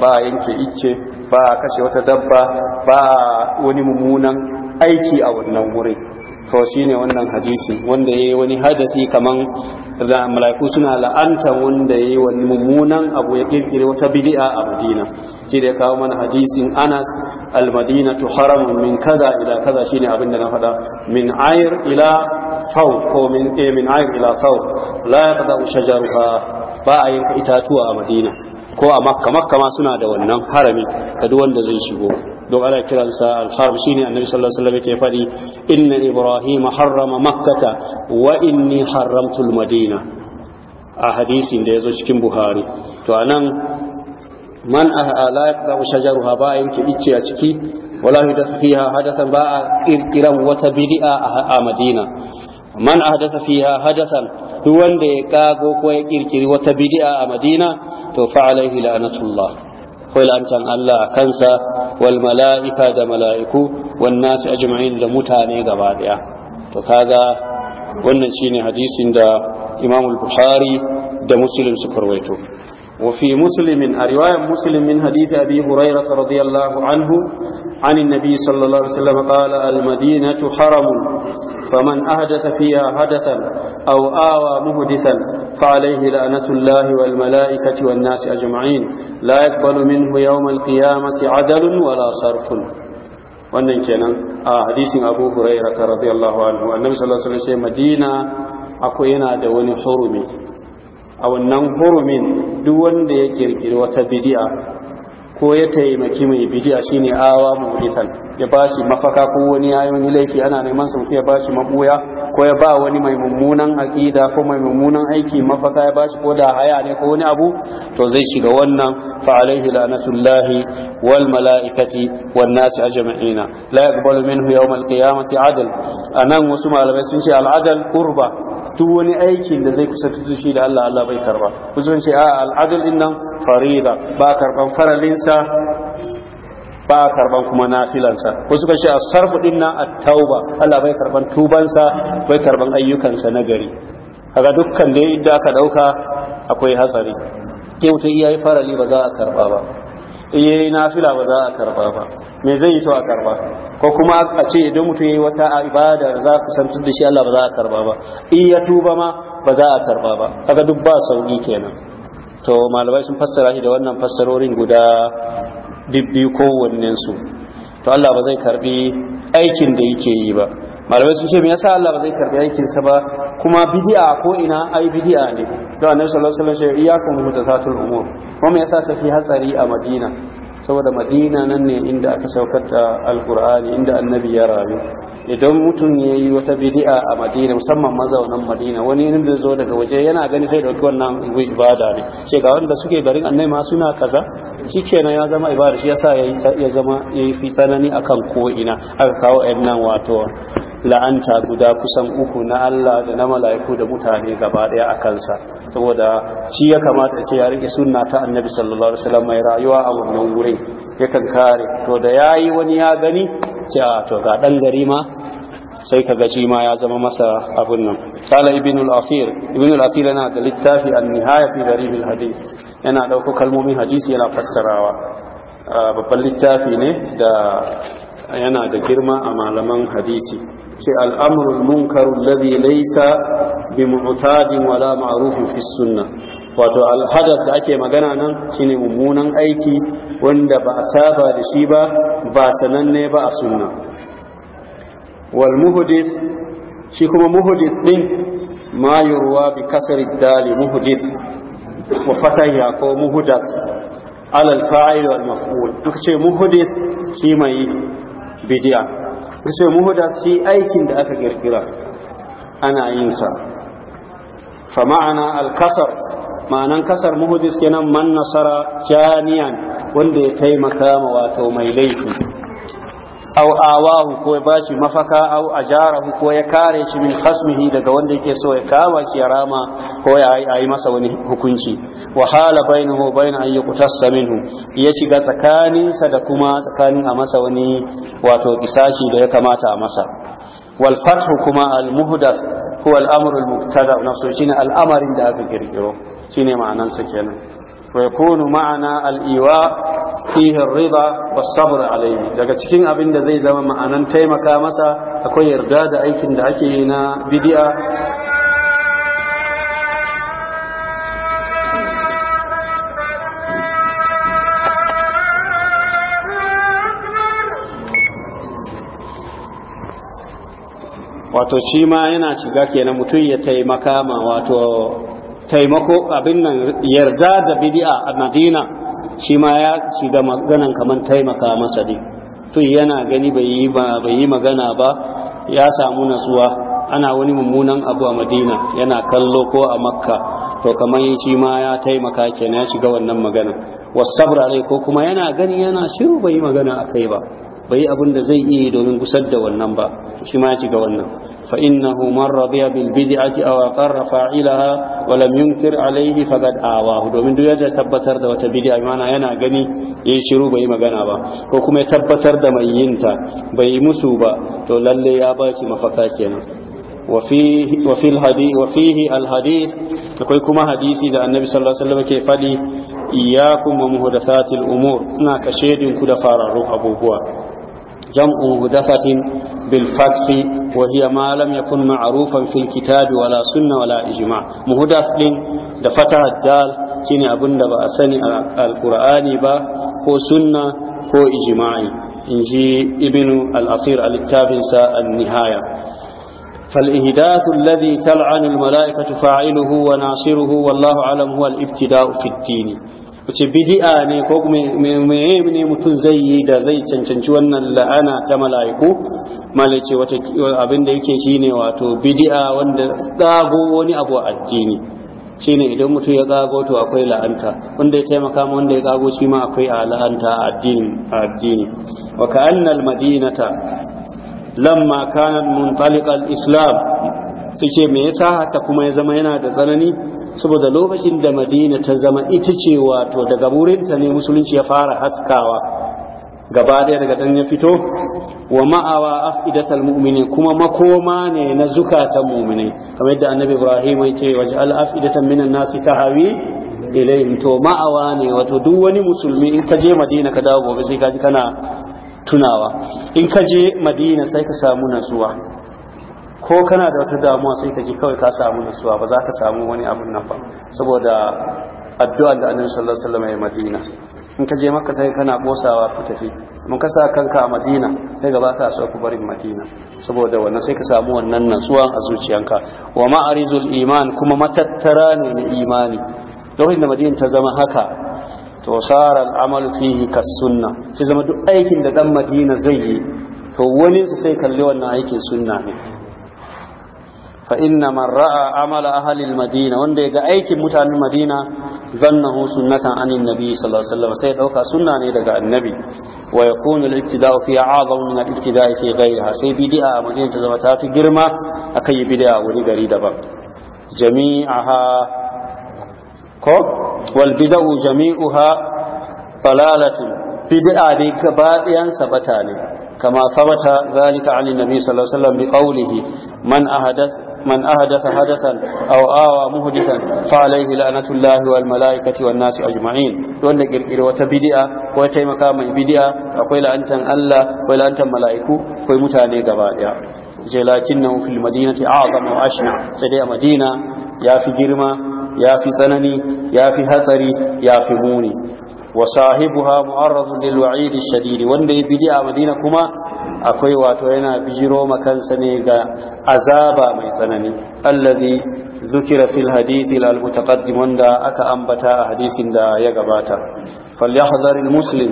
ba a yanke icce ba a kashe wata dabba ba a wani mummunan aiki a wannan wurin to shine wannan hadisi wanda yayi wani hadasi kaman da malaiku suna la'anta wanda yi wani mummunan abu ya kirkire wata bidi'a a Madina shi da kawo mana hadisin Anas al-Madinatu haramun min kaza ila kaza shine abin da na faɗa min ayr ila faw ko min eh, min ila faw la yaqda shajaruha ba a yanka itatuwa a madina ko a makka makka ma suna da wannan harami da duk wanda zai shigo don ana kiransa shi ne annabi sallallahu alaihi wasallam yake faɗi inna Ibrahim harrama makkata wa inni haramtul madina a hadisin da zo cikin buhari to anan man la yaqda shajaruha ba yanke icce a ciki wala yudas fiha hadathan ba a kirkiran wata bid'a a madina man ahdasa fiha hadasan duk wanda ya kago ko ya kirkiri wata bid'a a Madina to fa alaihi la'natullah ko la'antan Allah kansa wal mala'ika da mala'iku wan nas ajma'in da mutane gaba daya to kaga wannan shine hadisin da Imam al-Bukhari da Muslim suka rawaito وفي مسلم رواية مسلم من حديث أبي هريرة رضي الله عنه عن النبي صلى الله عليه وسلم قال المدينة حرم فمن أحدث فيها حدثا أو آوى مهدثا فعليه لعنة الله والملائكة والناس أجمعين لا يقبل منه يوم القيامة عدل ولا صرف wannan kenan a hadisin abu hurairah radiyallahu anhu annabi sallallahu alaihi wasallam madina akwai yana da wani hurumi a wannan hurumin duk wanda ya kirkiri wata bidi'a ko ya taimaki mai bidi'a shine awa muhrisan ya ba shi mafaka ko wani ya laifi ana neman su ya ba shi mabuya ko ya ba wani mai mummunan aƙida ko mai mummunan aiki mafaka ya ba shi ko da haya ne ko wani abu to zai shiga wannan fa alaihi la'natullahi wal mala'ikati wan nasi ajma'ina la yaqbalu minhu yawm al qiyamati adl anan wasu malamai sun ce al adl qurba duk wani aikin da zai kusa shi da Allah Allah bai karba kusan ce a al adl din nan farida ba karban faralinsa ba karban kuma nafilansa ko suka ce a sarfu din nan at-tauba Allah bai karban tubansa bai karban ayyukansa na gari kaga dukkan da yadda aka dauka akwai hatsari ke mutum iyayi farali ba za a karba ba iyayi nafila ba za a karba ba me zai yi to a karba ko kuma a ce idan mutum yayi wata ibada za ku san da shi Allah ba za a karba ba iya tuba ma ba za a karba ba kaga duk ba sauki kenan to malamai sun fassara shi da wannan fassarorin guda Bibbi kowannensu to Allah ba zai karbi aikin da yake yi ba malamai sun ce me yasa Allah ba zai karbi aikin sa ba kuma bid'a ko ina ai bid'a ne to annabi sallallahu alaihi wasallam ya ce iyyakum mutasatul umur kuma yasa tafi hatsari a Madina saboda madina nan ne inda aka saukar da alkur'ani inda annabi ya rayu idan mutum ya yi wata bidi'a a madina musamman mazaunan madina wani yin da zo daga waje yana gani sai dauki wannan ibada ne ce da suke garin annai ma suna kaza kenan ya zama ibada shi yasa ya zama ya fi tsanani akan ko ina aka kawo ɗan nan wato la'anta guda kusan uku na Allah da na mala'iku da mutane gaba daya a kansa saboda shi ya kamata ce ya rike sunna ta annabi sallallahu alaihi wasallam mai rayuwa a wannan wurin yakan kare to da yayi wani ya gani ce to ga dan gari ma sai kaga shi ma ya zama masa abun nan Sala ibnul afir ibnul afir yana da littafi an-nihaya fi gharib hadith yana dauko kalmomin hadisi yana fassarawa babban littafi ne da yana da girma a malaman hadisi ce al'amurul munkarul ladhi laisa bi mu'tadin wala ma'rufin fi sunna wato alhadar da ake magana nan shine mummunan aiki wanda ba a saba da shi ba ba sananne ba a sunna wal muhudis shi kuma muhudis din ma yurwa bi kasri dali muhudis, wa fataya ko muhudas, alal fa'il wal maf'ul duk ce muhudis shi mai bidiya sai muhdath shi aikin da aka kirkira ana yin sa fa ma'ana al-kasr ma'anan kasar muhdis kenan man nasara janiyan wanda ya taimaka ma wato mai laifi aw awahu ko ya bashi mafaka aw ajarahu ko ya kare shi min khasmihi daga wanda yake so ya kama shi ya rama ko ya yi masa wani hukunci wa hala bainahu bain an yuqtassa minhu ya shiga tsakaninsa da kuma tsakanin a masa wani wato kisashi da ya kamata a masa wal fathu kuma al muhdath huwa al amru al mubtada shine al amarin da aka kirkiro shine ma'anansa kenan ويكون معنا الإيواء فيه الرضا والصبر عليه daga cikin abin da zai zama ma'anan taimaka masa akwai yarda da aikin da ake yi na bid'a wato shi ma yana shiga kenan mutum ya taimaka ma wato taimako abin nan yarda da bidi'a a madina shi ma ya shiga maganan kamar taimaka masa ne to yana gani bai yi magana ba ya samu nasuwa ana wani mummunan abu a madina yana kallo ko a makka to kamar shi ma ya taimaka kenan ya shiga wannan magana wasabra ne ko kuma yana gani yana shiru bai yi magana a kai ba bai abin da zai iya domin gusar da wannan ba shi ma ya shiga wannan fa innahu man radiya bil bid'ati aw aqarra fa'ilaha wa lam yunkir alayhi faqad awahu domin duk ya tabbatar da wata bid'a mana yana gani yayi shiru bai magana ba ko kuma ya tabbatar da mai yinta bai musu ba to lalle ya ba shi mafaka kenan وفيه وفي الحديث akwai kuma hadisi da annabi sallallahu alaihi wasallam ke fadi iyyakum wa muhdathatil umur ina kashedin ku da fararru abubuwa جمع محدثة بالفتح وهي ما لم يكن معروفا في الكتاب ولا سنة ولا إجماع محدث da fata dal shine abin da ba a sani a alkur'ani ba ko sunna ko ijma'i in ji ibnu al-asir a littafinsa an-nihaya فالإهداث الذي تلعن الملائكة فاعله وناصره والله أعلم هو الابتداء في الدين wace bidi'a ne ko meye ne mutum zai yi da zai cancanci wannan la'ana ta mala'iku malace wata abin da yake shine wato bidi'a wanda ƙago wani abu a addini shine idan mutum ya ƙago to akwai la'anta wanda ya taimaka ma wanda ya ƙago shi ma akwai a la'anta a addini wa ka'annal madinata lamma kanat muntaliqal islam su ce me yasa haka kuma ya zama yana da tsanani saboda lokacin da madina ta zama ita ce wato daga wurinta ne musulunci ya fara haskawa gaba ɗaya daga dan ya fito wa ma'awa afidatal mu'minin kuma makoma ne na zukatan mu'minai kamar yadda annabi ibrahim yake waj'al afidatan minan nasi tahawi ilayhim to ma'awa ne wato duk wani musulmi in ka je madina ka dawo gobe sai ka ji kana tunawa in ka je madina sai ka samu nasuwa ko kana da wata damuwa sai ka ji kawai ka samu nutsuwa ba za ka samu wani abun nan ba saboda addu'a da annabi sallallahu alaihi wasallam ya madina in ka je maka sai kana bosawa ku tafi mun ka sa kanka a madina sai gaba ka so ku barin madina saboda wannan sai ka samu wannan nutsuwa a zuciyanka wa ma'arizul iman kuma matattara ne na imani lokacin da madina ta zama haka to sara al'amalu fihi kas sai zama duk aikin da dan madina zai yi to wani sai kalli wannan aikin sunna ne fa inna man ra'a amala ahli al-madina wanda ga aikin mutanen madina zannahu sunnatan anin nabi sallallahu alaihi wasallam sai dauka sunna ne daga annabi wa yakunu al-ibtida'u fi a'zamu min al-ibtida'i fi ghayriha sai bid'a a madina ta zama ta fi girma akan yi bid'a wani gari daban jami'aha ko wal bid'u jami'uha falalatu bid'a dai gaba ɗayan sabata ne كما ثبت ذلك عن النبي صلى الله عليه وسلم بقوله من أحدث من أحدث حدثا أو آوى مهدثا فعليه لعنة الله والملائكة والناس أجمعين وأن قرقر وتبدئة وتيمكا من بدئة أقول أنت الله ولا أنت ملائكو ويمتاني قبائع لكنه في المدينة أعظم وأشنع سيدي مدينة يا في جرمة ya fi tsanani ya fi hatsari ya fi muni wa sahibuha mu'arradun lil wa'id ash-shadid wanda ya bidi a Madina kuma akwai wato yana bijiro makansa ne ga azaba mai tsanani allazi zukira fil hadithi al mutaqaddim wanda aka ambata a hadisin da ya gabata falyahdhar al muslim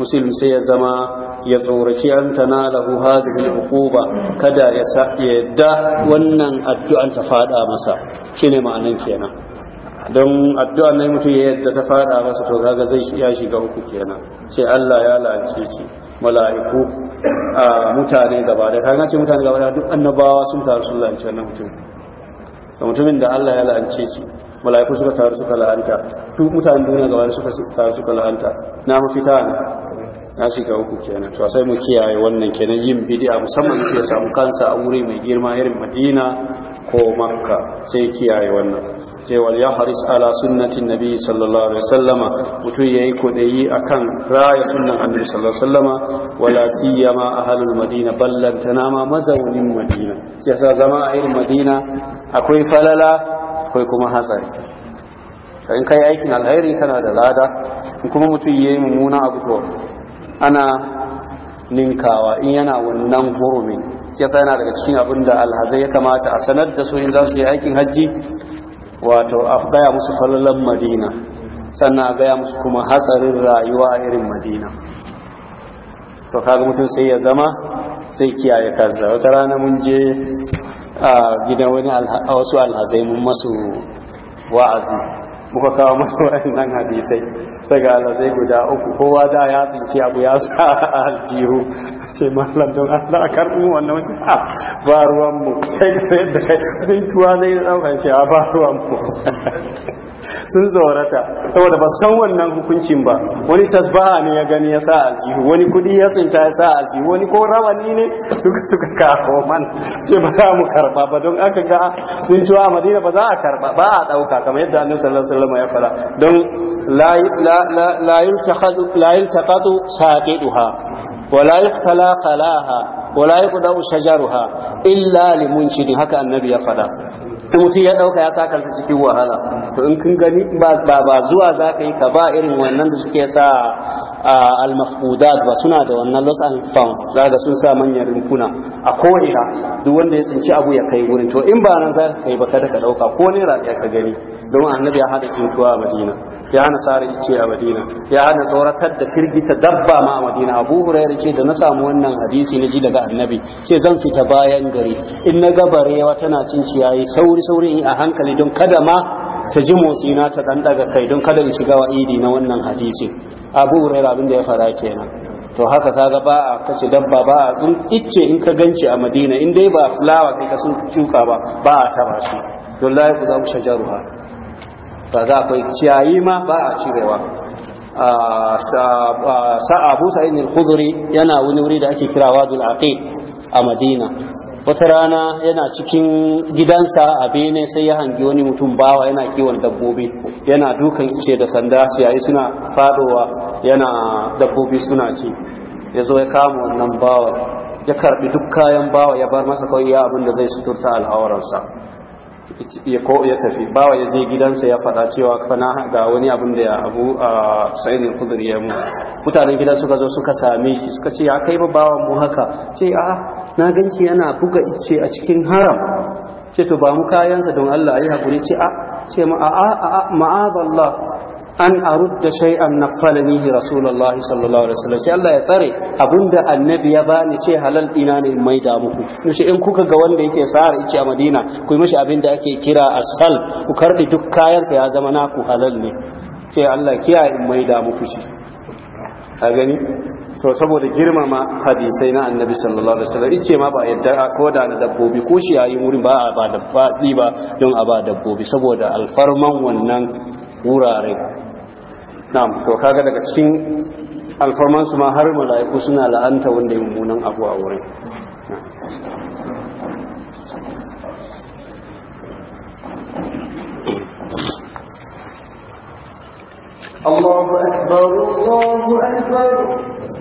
muslim sai ya zama ya tsoraci an tanalahu hadhihi al uquba kada ya yadda wannan addu'an ta fada masa shine ma'anan kenan don addu'a na mutum ya yadda ta fada masa to kaga zai ya shiga uku kenan ce Allah ya la'ance shi mala'iku a mutane gaba da ta ce mutane gaba da duk annabawa sun taru sun la'ance wannan mutum da mutumin da Allah ya la'ance shi mala'iku suka taru suka la'anta duk mutane duniya gaba da suka taru suka la'anta na mafita ne na shiga uku kenan to sai mu kiyaye wannan kenan yin bid'a musamman ke samu kansa a wuri mai girma irin Madina ko Makka sai kiyaye wannan ce wal yahris ala sunnatin nabi sallallahu alaihi wasallama mutum yayi kodayi akan raya sunnan annabi sallallahu alaihi wasallama wala siyama ahlul madina ballantana ma mazaunin madina yasa zama a irin madina akwai falala akwai kuma hatsari in kai aikin alheri kana da lada in kuma mutum yayi mummuna abu to ana ninkawa in yana wannan hurumin yasa yana daga cikin abin da alhazai ya kamata a sanar da su in za su yi aikin hajji wato a gaya musu falalan madina sannan a gaya musu kuma hatsarin rayuwa a irin madina to kaga mutum sai ya zama sai kiyaye kansa wata rana mun je a gidan wani wasu alhazai mun masu wa'azi muka kawo masa waɗannan hadisai daga Allah sai guda uku kowa da ya tsinci abu ya sa aljihu ce malam don Allah a karɓi wannan wasu a ah, ba mu da kai ah, sun kuwa ne na ɗaukar ce a ba mu sun zaurata saboda ba san wannan hukuncin ba wani tasbaha ne ya gani ya sa aljihu wani kuɗi ya tsinta ya sa aljihu wani ko rawani ne duka suka kawo man ce ba za mu karɓa ba don aka ga sun tuwa a madina ba za a karɓa ba a ɗauka kamar yadda annabi sallallahu alaihi wasallam ya fara don la la la la yultaqatu saqiduha ولا yuqtala قلاها ولا يقضى شجرها illa لمنشد haka annabi ya fada mutum ya dauka ya saka su cikin wahala to in kun gani ba ba zuwa zaka yi ka ba irin wannan da suke sa al-mafqudat ba suna da wannan loss and found ga sun sa manyan rinkuna a ko'ina duk wanda ya tsinci abu ya kai wurin to in ba nan ka kai ba kada ka dauka ko ne ya ka gani don annabi ya hada kintuwa a Madina ya hana sare ce a madina ya hana tsoratar da firgita dabba ma a madina abu hurairu ce da na samu wannan hadisi na ji daga annabi ce zan fita bayan gari in na ga barewa tana cin ciyayi sauri sauri in a hankali don kada ma ta ji motsi ta dan daga kai don kada in shiga wa'idi na wannan hadisi abu hurairu abin da ya fara kenan to haka kaga ba a kace dabba ba a tsun icce in ka ganci a madina in dai ba fulawa kai ka sun cuka ba ba a taba shi don la ku za ku shajaruha za akwai ciyayi ma ba a cirewa sa'a abu sa'id al yana wani wuri da ake kira wadul aqi a madina wata rana yana cikin gidansa a bene sai ya hangi wani mutum bawa yana kiwon dabbobi yana dukan ce da sanda ciyayi suna fadowa yana dabbobi suna ci ya zo ya kama wannan bawa ya karbi duk kayan bawa ya bar masa kawai ya abin da zai suturta al'auransa ko ya tafi bawa ya je gidansa ya faɗa cewa fana ga wani abin da ya abu a sa'id al-khudri ya mu mutanen gidan suka zo suka same shi suka ce ya kai ba bawan mu haka ce a na ganci yana buga ice a cikin haram ce to ba mu kayansa don Allah ayi hakuri ce a ce ma a a ma'azallah an arudda shay'an naqalanihi rasulullahi sallallahu alaihi wasallam sai Allah ya tsare abinda annabi ya bani ce halal ina ne mai da muku shi in kuka ga wanda yake sa'ar ice a Madina ku yi mishi abin da ake kira asal ku karbi duk kayan ya zama naku halal ne sai Allah kiyaye in mai muku shi a gani to saboda girmama hadisai na annabi sallallahu alaihi wasallam ice ma ba yadda ko da na dabbobi ko shi yayin wurin ba a ba dabba ba don a ba dabbobi saboda alfarman wannan wurare na'am to kaga daga cikin alfarman su ma har mala'iku suna la'anta wanda ya mummunan abu a wurin Allahu akbar Allahu akbar